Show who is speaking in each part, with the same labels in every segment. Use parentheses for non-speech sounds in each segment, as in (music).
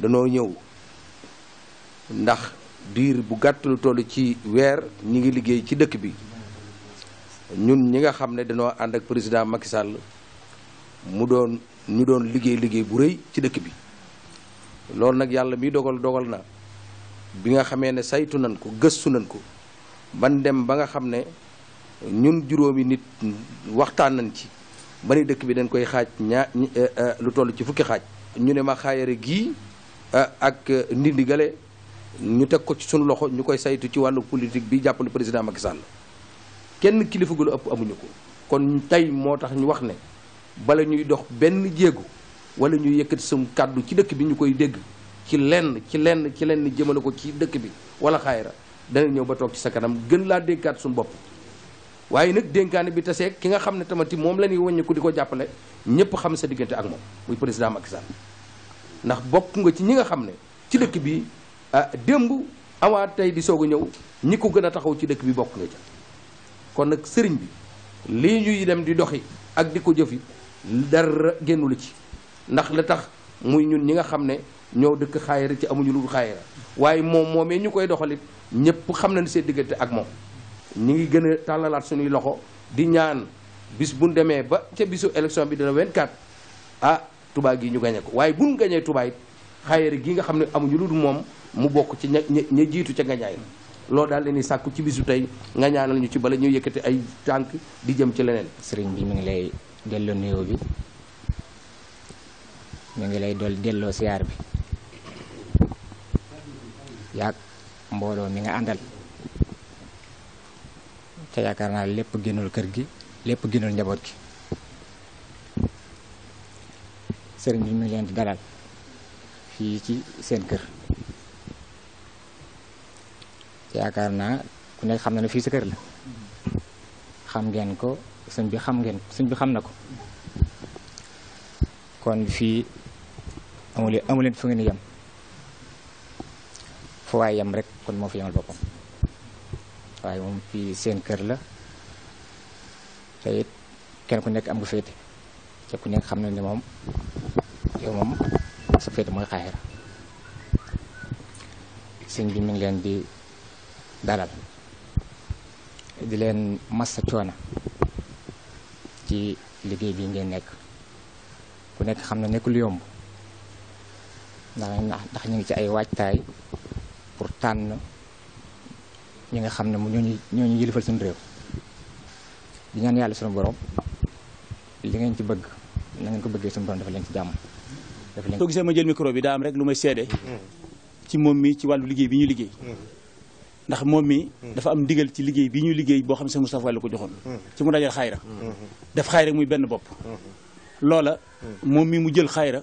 Speaker 1: danoo ñëw ndax diir bu gàtt lu toll ci weer ñi ngi liggéey ci dëkk bi ñun ñi nga xam ne danoo ànd ak président Macky Sall mu doon ñu doon liggéey liggéey bu rëy ci dëkk bi loolu nag yàlla mi dogal dogal na bi nga xamee ne saytu nañ ko gëstu nañ ko ban dem ba nga xam ne ñun juróomi nit waxtaan nañ ci ba dëkk bi dañ koy xaaj ñaa eh, eh, lu toll ci fukki xaaj ñu ne ma xaayare gii Euh, ak euh, ndindi gale ñu teg ko ci suñu loxo ñu koy saytu ci wàllu politique bi jàppale président Macky Sall kenn kilifa gu la ëpp amuñu ko kon tey moo tax ñu wax ne bala ñuy dox benn jéego wala ñu yëkkati sum kàddu ci dëkk bi ñu koy dégg ci lenn ci lenn ci lenn jëmale ko ci dëkk bi wala xaayra dana ñëw ba toog ci sa kanam gën laa dénkaat suñu bopp waaye nag dénkaane bi taseeg ki nga xam ne tamati moom la ñuy wàññi ko di ko jàppale ñëpp xam sa diggante ak moom muy président Macky ndax bokk nga ci ñi nga xam ne ci dëkk bi ah démb avant tey di soog a ñëw ñi ko gën a taxaw ci dëkk bi bokk nga ca kon nag sëriñ bi lii ñuy dem di doxi ak di ko jëfi dara génnu la ci ndax la tax muy ñun ñi nga xam ne ñoo dëkk xaayara ci amuñu lu dul xaayara waaye moom moomee ñu koy doxalit ñëpp xam nañ seen diggante ak moom ñi ngi gën a tàllalaat suñuy loxo di ñaan bis bu demee ba ca bisu élection bi dana 24 ah Touba gi ñu gañe ko waaye buñ gañee Touba it xayri gi nga xam ne ñu lu dul moom mu bokk ci ña ña jiitu ca ngañaay loolu daal leen sàkku ci bisu tey nga ñaanal ñu ci bala ñuy yëkkati ay tànk di jëm
Speaker 2: ci leneen sëriñ bi mu ngi lay delloo nuyoo bi mu ngi lay dool delloo siyaar bi yaag mbooloo mi nga àndal te yaakaar naa lépp génnul kër gi lépp génnul njaboot gi sëriñ bi mu ngi leen di dalal fii ci seen kër yaakaar naa ku nekk xam na ne fii sa kër la xam ngeen ko sëñ bi xam ngeen sëñ bi xam na ko kon fii amuleen amuleen fu ngeen yem fu waay yem rek kon moo fi yemal boppam waaye moom fii seen kër la te kenn ku nekk am nga féete te ku nekk xam na ne moom yow moom sa féete mooy xaaxira sëñ bi mi ngi leen di dalal di leen massa coono ci liggéey bi ngeen nekk ku nekk xam na nekkul yomb ndax ndax ñu ngi ci ay waajtaay pour tànn ñu nga xam ne mu ñooñu ñooñu yëlifal suñu réew di ñaan yàlla suñu borom li ngeen ci bëgg na ko bëggee suñu borom dafa leen ci jàmm soo
Speaker 3: gisee ma jël micro bi daa am rek lu may seede ci moom mi ci wàllu liggéey bi ñu liggéey ndax moom mi dafa am ndigal ci liggéey bi ñuy liggéey boo xam ne sa ko joxoon ci mu dajal xayra def xayra muy benn bopp loola moom mi mu jël xayra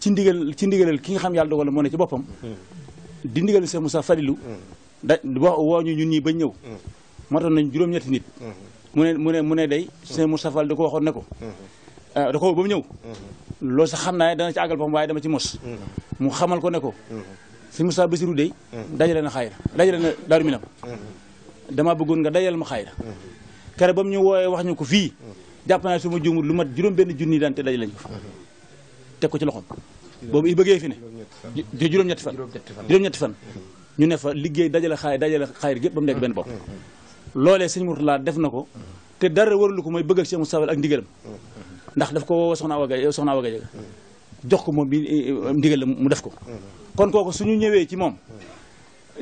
Speaker 3: ci ndigal ci ndigalal ki nga xam yàlla dogal moo ne ci boppam di ndigal Cheikh Moussa Fadilou da wax woo ñu ñun ñii ba ñëw matoon nañ juróom-ñetti nit mu ne mu ne mu day Cheikh Moussa Fall ko waxoon Euh, da ko ba mu ñëw lool sax xam naa ne dana ci àggal boppam waaye dama ci mos mu xamal ko ne ko mu sëñ Moussa Bassirou dey dajale na xaayira dajale na daaru minam damaa bëggoon nga dajal ma xaayira kere ba mu ñu woowee wax ñu ko fii jàpp naa su ma juumul lu mat juróom benn junni daan te dajale ñu ko fa i bëggee fi ne juróom-ñetti ñetti fan ñu ne fa liggéey dajale xaay dajale xaayir gépp ba mu nekk benn bopp loolee sëñ Mourtala def na ko te dara warulu ko may bëgg ak Cheikh Moussa ak ndigalam ndax daf ko woo soxna a soxna Awa Gadiaga jox ko moom bi eh, ndigal la mu def ko kon kooku suñu ñëwee ci moom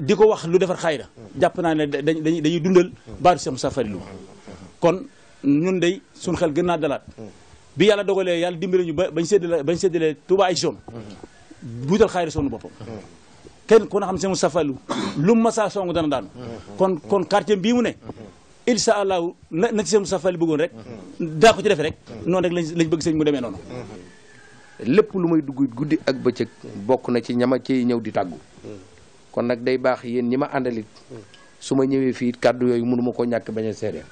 Speaker 3: di ko wax lu defar xayra jàpp naa ne dañuy dañuy dundal baatu Cheikh Moussa Fadilou kon ñun day suñ xel gën naa dalaat bi yàlla dogalee yàlla dimbale ba bañ séddale bañ séddalee Touba ay zone buutal xayra sonu boppam kenn ku na lu mu masaa song dana daanu kon kon quartier bii ne incha allahu na na ci seen safali bëggoon rek daa ko ci defe rek noonu rek lañ bëgg sëñ mu demee noonu lépp lu may
Speaker 1: dugg guddi ak bëccëg bokk na ci ñama ci ñëw di tàggu kon nag day baax yéen ñi ma àndalit su ma ñëwee fii kàddu yooyu mënu ma koo ñàkk bañ a seede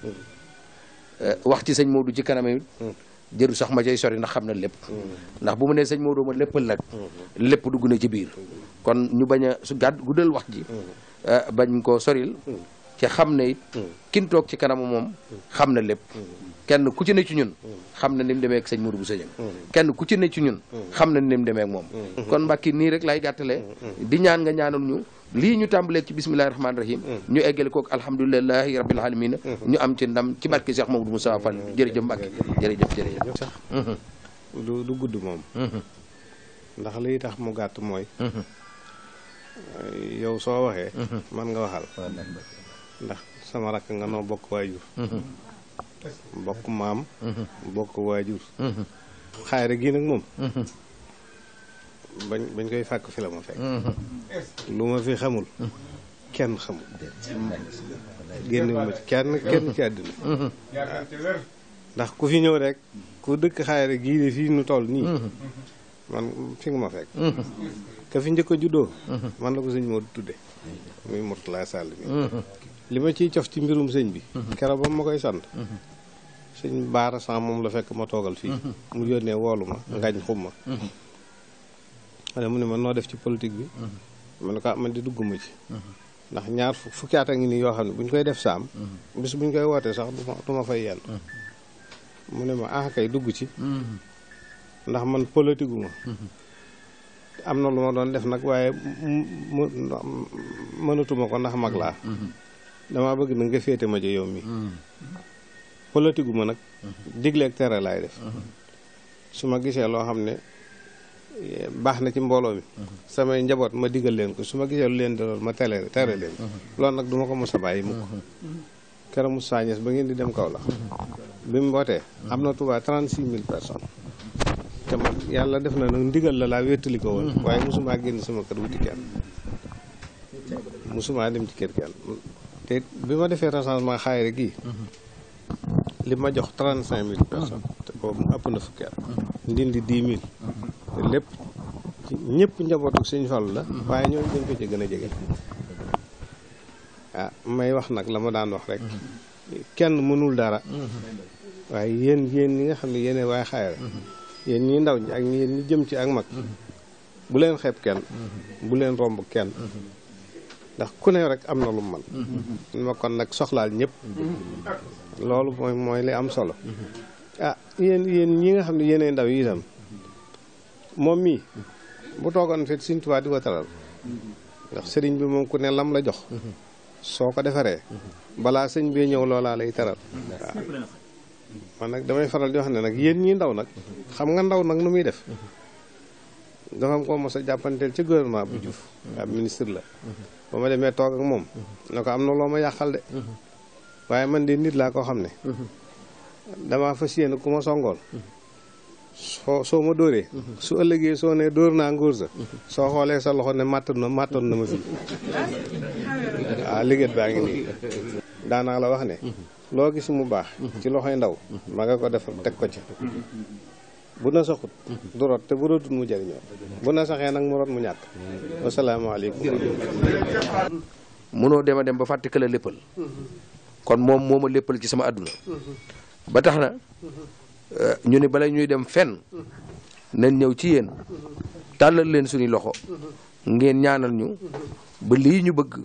Speaker 1: eh, wax ci sëñ Modou ci kanam it jëru sax ma cay sori ndax xam na lépp ndax bu mu nee sëñ Modou ma léppal nag lépp dugg na ci biir kon ñu bañ a su gàdd guddal wax ji eh, bañ koo soril ci xam ne it mm. kin toog ci kanamu moom mm. xam na lépp mm. kenn ku ci ne ci ñun xam na ni demeek demee ak sëñ Mourou kenn ku ci ne ci ñun xam na ni mu demee moom kon Mbàkke nii rek lay gàttalee di ñaan nga ñaanal ñu lii ñu tàmbalee ci bismillahi rahmaani rahim ñu eggale kook alhamdulilahi rabbil alamin ñu am ci ndam ci barke Cheikh Mamadou Moussa
Speaker 4: Fall jërëjëf Mbàkke jërëjëf jërëjëf sax mm-hmm. du du gudd moom mm-hmm. ndax lii tax mu gàtt mooy mm-hmm. yow soo waxee man nga waxal ndax sama rakk nga noo bokk waajur bokk maam bokk waajur xaare gii nag moom bañ bañ koy fàkk fi ma fekk lu ma fi xamul kenn xamul génn ci kenn kenn ci àddina ndax ku fi ñëw rek ku dëkk xaare gii de fii nu toll nii man fi nga ma fekk ka fi njëkk a juddoo. Mhm. man la ko sëñ Modou tudde mhm. muy Mourtala Sall mi mhm. li ma ciy cof ci mbirum sëñ bi. keroog ba ma koy sant. sëñ Baara Samb moom la fekk ma toogal fii. mu yónnee woolu ma ngañ xumma. ma ne mu ne man noo def ci politique bi. ma ne ko ah, man di dugg dugguma ci. ndax ñaar fukki at a ngi nii yoo xam ne bu ñu koy def saam. bis bu ñu koy wootee sax du ma du fay yenn. mu ne ma ah dugg ci. ndax man politique ma am na lu ma doon def nag waaye mënatuma ko ndax mag laa mm-hmm. damaa bëgg na nga féete ma ci yow mi mm-hmm. politigu ma nag mm-hmm. digleeg tere laay def su ma gisee loo xam ne baax na ci mbooloo mi samay njaboot ma diggal leen ko su ma gisee lu leen di ma tele tere leen loolu nag duma ko mos a bàyyi mukk keroog Moussa ba ngeen di dem kaw la bi mu wootee am na Touba 36 mille personnes yàlla def na nag ndigal la laa wéttali ko woon mm-hmm. waaye mosumaa génn sama kër wuti kenn mosumaa dem ci kër kenn te bi ma defee recensement xaayira gi mm-hmm. li ma jox trente cinq mille personnes mm-hmm. te boobu ëpp na fukki at ndindi dix mille te lépp ñëpp njabootu Sëñ Fallu la waaye ñoom dañ ko ci gën a jege ah may wax nag la ma daan wax rek kenn mënul dara waaye yéen yéen ñi nga xam ne yéene waaye xaayira yéen ñi ndaw ñi ak yéen ñi jëm ci ak mag bu leen xeeb kenn bu leen romb kenn ndax ku ne rek am na lu man mhm. ma kon nag soxlaal ñëpp mhm. loolu mooy mooy li am solo ah yéen yéen ñi nga xam ne yéenay ndaw yi itam moom mii bu toogoon fi Sëriñ Tuubaa di ko taral ndax sëriñ bi moom ku ne lam la jox mhm. soo ko defaree balaa sëñ bi ñëw loolaa lay taral
Speaker 3: waaw
Speaker 4: man nag damay faral di wax ne nag yéen ñi ndaw nag xam nga ndaw nag nu muy def dafa am ko mos a jàppanteel ci gouvernement bu Diouf ab ministre la ba ma demee toog moom ne ko am na loo ma yàqal de waaye man de nit laa koo xam ne damaa fas yéene ku ma songool soo soo ma dóoree su ëllëgee soo ne dóor naa nguur sa soo xoolee sa loxo ne màttoon na màttoon na ma fi
Speaker 5: waaw (laughs) ah, liggéey baa ngi nii
Speaker 4: daanaa la wax ne loo gis mu baax ci loxoy ndaw ma nga ko defar teg ko ci bu na saxut du rot te bu rotut mu jëriñoo bu na saxee nag mu rot mu ñàkk wasalaamaaleykum
Speaker 1: mënoo dem ba fàtte këla léppal kon moom mooma ma léppal ci sama àdduna ba tax na eh, ñu ne bala ñuy dem fenn nañ ñëw ci yéen tàllal leen suñu loxo ngeen ñaanal ñu ba lii ñu bëgg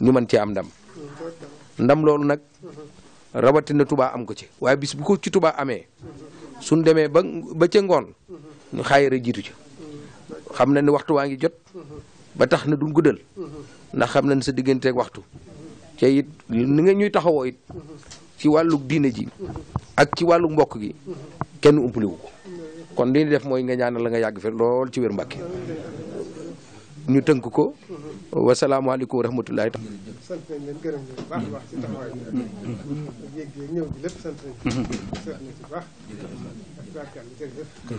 Speaker 1: ñu mën ci am ndam ndam loolu nag rawatina tubaa am ko ci waaye bis bu ko ci tubaa amee su demee ba ba ca ngoon ñu xaayira jiitu ca xam na ni waxtu waa ngi jot ba tax na duñ guddal ndax xam na ni sa digganteeg waxtu te it ni nga ci wàllu diine ji ak ci wàllu mbokk gi kenn umpaliwu ko kon li ñu def mooy nga ñaanal la nga yàgg fi lool ci wér Mbàkke ñu tënk ko wasalaamaaleykum wa rahmatullahi taala
Speaker 4: sant nañ mm-hmm. nañ sant na ci baax barkal jërëjëf kon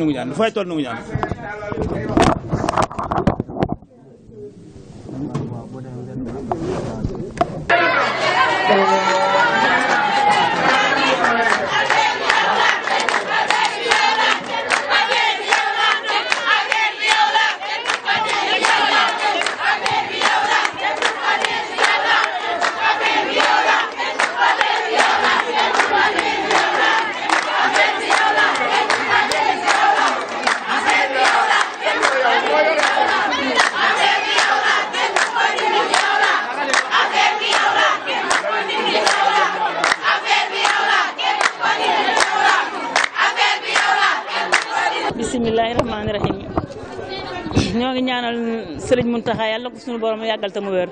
Speaker 3: mbooloo ñaan
Speaker 6: ngi ñaanal mun taxa yàlla ko suñu borom yàggal te mu wér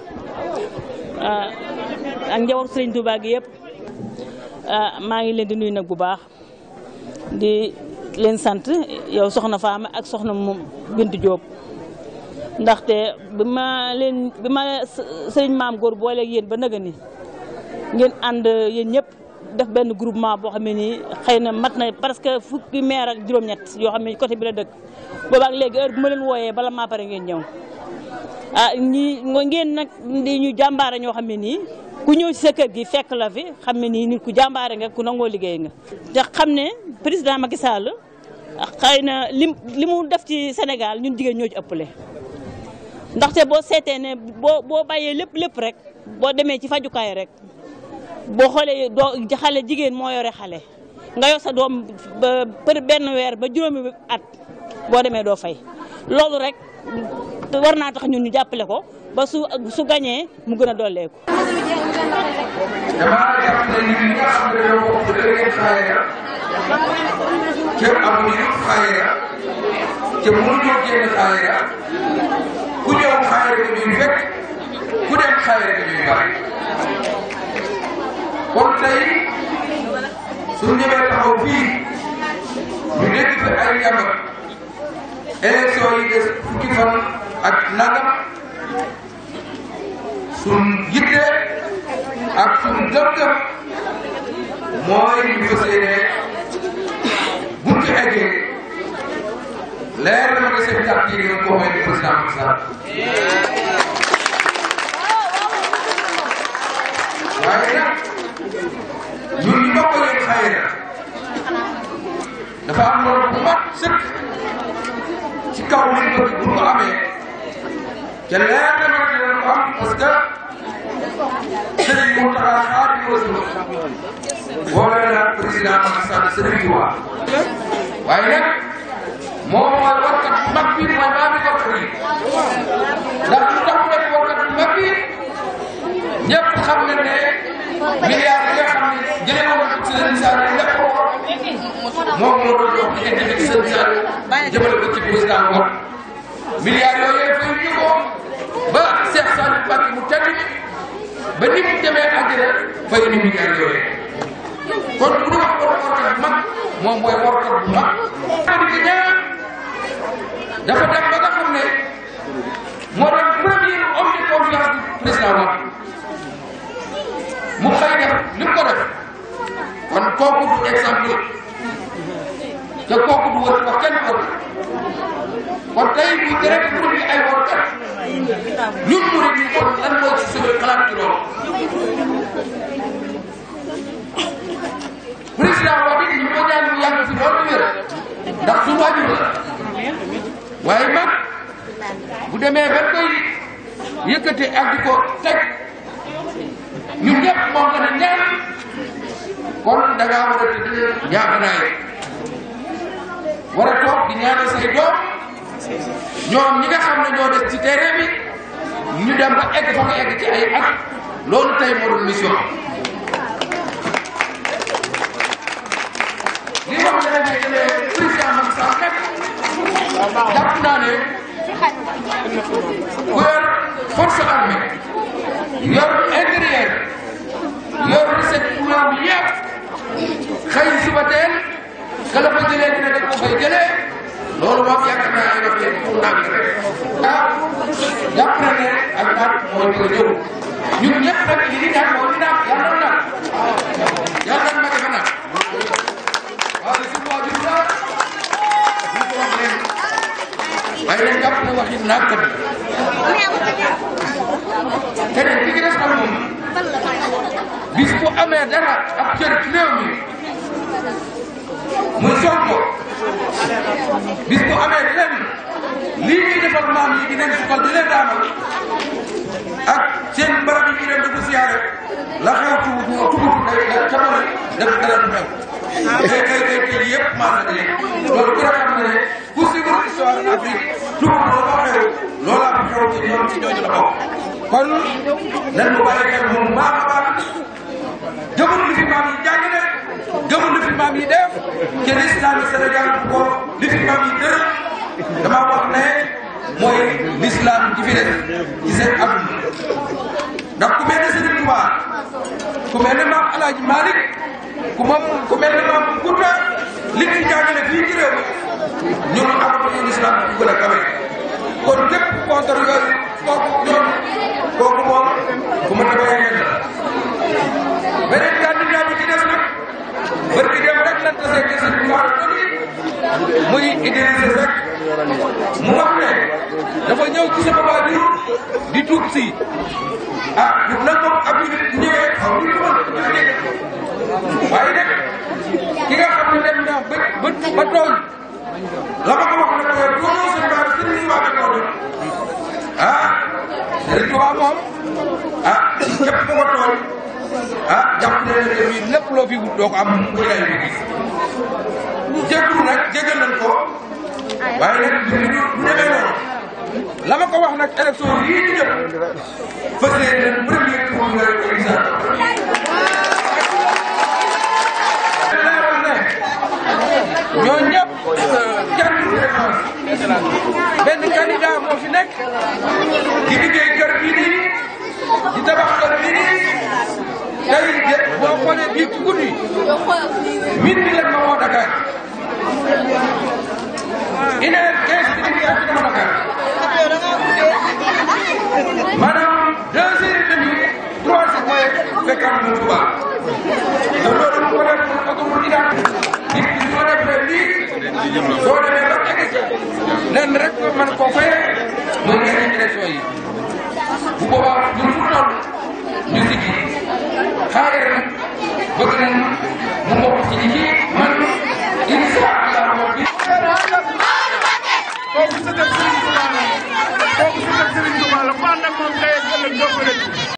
Speaker 6: ah, ak njaboot Serigne Touba gi ah, maa ngi leen di nuyu nag bu baax di leen sant yow soxna faam ak soxna Bintu Diop ndaxte bi ma leen bi ma sëriñ maam góor booleeg yéen ba nëga ngeen ànd yéen ñëpp def benn groupement boo xam ne nii xëy na mat na parce que fukki maire ak juróom-ñett yoo xam ne côté bi la dëkk booba ak léegi heure bu ma leen wooyee bala ma pare ngeen ñëw ah ñi ngeen nag di ñu jàmbaare ñoo xam ne nii ku ñëw ci sa kër gi fekk la fi xam ne nii nit ku jàmbaare nga ku nangoo liggéey nga. te xam ne président Macky Sall xëy na lim li mu def ci Sénégal ñun jigéen ñoo ci ëppale ndaxte boo seetee ne boo boo bàyyee lépp lépp rek boo demee ci fajukaay rek. boo xoolee doo xale jigéen moo yore xale nga yor sa doom ba benn weer ba juróomi at boo demee doo fay loolu rek war naa tax ñun ñu jàppale ko ba su su gañee mu gën a dolleeku. damaa jàpp ne ñun ñi nga xam ne
Speaker 1: ñoo bokk léegi xayira te amuñu xayira te mënuñoo génn xayira ku ñëw xayira bi ñu fekk ku dem xayira bi ñu bari. kon tey su ñëwee taxaw fii
Speaker 5: ñu nekk fi ay yàgg élection
Speaker 1: yi des fukki fan ak nangam suñ
Speaker 5: ak suñ gëm-gëm mooy ñu fas yéene buñ ci eggee leer na ma ne seen carte yi ngeen ko may di président Macky Sall waaye ñun ñoo ko leen xayma dafa am loolu bu mag sëkk ci kaw li ñu bu ñu ko amee te leer na ma ne leen ko am
Speaker 1: parce que sëriñ moo tax a xaar yoo si boole na président Macky Sall sëriñ bi waa waaye nag
Speaker 4: moo mooy warkat bu mag bi mooy
Speaker 1: maa ngi ko xëy ndax lu tax mu nekk warkat bu mag
Speaker 5: bi ñëpp xam na ne milliard
Speaker 1: président moom
Speaker 4: milliards yooyu
Speaker 1: fay ñu ko ba Cheikh Saliou Mbacké mu tedd ba ni mu demee àjjana fay ni milliards yooyu kon bu ñu wax ko warkat bu mag moom mooy warkat bu mag di ñaan dafa dem ba nga xam ne moo doon premier homme de confiance du président moom mu xëy def li mu ko def kon kooku du exemple te kooku du wër wax kenn ko
Speaker 5: kon tey bu gën a dugg ay wóorkat ñun mu ne kon lan mooy ci xalaat ci loolu. président wax ñu ko ñaan yàgg fi loolu wér ndax suñu waajur waaye mag
Speaker 1: bu demee ba koy yëkkati ak di ko teg ñun ñëpp moom la ne ñaan kon da war a tëdd ñaax naay war a toog di ñaanal say doom. ñoom ñi nga xam ne ñoo des ci terrain bi ñu dem ba egg fa nga egg ci ay at loolu tey moo doon mission li wax ne ne président Macky Sall nag jàpp naa ne ku yor force armée yor intérieur
Speaker 5: jàpp na ne ak naat mooy bëgg a ñëw ñun ñëpp nag li
Speaker 1: di ñaan mooy di naat yàlla na naat yàlla na mage ba naat waaye suñu waa jur la ñu ko wax leen
Speaker 5: waaye nag jàpp na wax yi naat kat keneen ki ngi des xam moom
Speaker 1: bis bu amee dara ab cër ci réew
Speaker 5: mi muy
Speaker 1: soog ko bis bu amee lenn lii ñuy defal maam yi di leen sukkal di leen daamal ak seen barab yi di leen dugg siyaare
Speaker 5: la xew tuuti mu tuuti day day jamono dafa gën a du xew. Ah. tey tey tey tey yëpp maam la dajale loolu ku rafet na ne ku si
Speaker 1: wër histoire Afrique tuuti loo xew loola am xew ci ñoom ci ñooñu la bokk kon nan mu bàyyi xel moom baax a baax jëmul li fi maam yi jàng ne jëmul li fi maam yi def ci l'islam Sénégal ko li fi maam yi def. dama wax ne mooy l'islam ji fi def ci seen atum
Speaker 5: ndax ku mel ne Serigne Touba ku mel ne maam El Hadj
Speaker 1: ku moom ku mel ne maam Kounda li ñuy fii ci réew
Speaker 5: mi ñoom amatuñu
Speaker 1: l'islam bu gën a kawe kon lépp contre yooyu kooku ñoom kooku moom bu ma defee yeneen beneen barki dem rek lan la see gis ñu war ko nii muy Idrissa Seck mu wax ne dafa ñëw ci sama waajur di tuub si a ah ñun nag moom ab unité ñëwee xaw ma ñu waaye nag ki nga xam ne dem na ba ba tooñ la ko wax na ko doonoo suñu baax suñu baax ak kaw ah Sëriñ Tuubaa moom ah képp ku ko tooñ ah jàpp na ne bii lépp loo fi wut doo ko am bu yaay bi gis jéggu nag jéggal nañ ko waaye nag du demee noonu la ma ko wax nag élection yii ñu jëm fas yéene premier tour nga ñoo ñëpp jàpp benn candidat moo fi nekk di liggéey kër bii di tabax kër bii tey de boo xoolee bii ci guddi midi bi la ma woo Dakar une heure quinze minutes ak dama
Speaker 5: Dakar maanaam deux heures et demie
Speaker 1: trois heures mooy fekkaat mu Touba te loolu mu ko def pour autoroute daal nit ki soo defee lii soo demee ba egg ci lenn rek nga mën koo fayee mooy nga élection yi bu boobaa ñun fu toll
Speaker 5: ñu siggi xaaral bëgg nañ mu bokk ci liggéey man incha allah rabbi. kooku sëtëb Serigne Touba la kooku sëtëb Serigne Touba la ku ànd ak moom tey ak ëllëg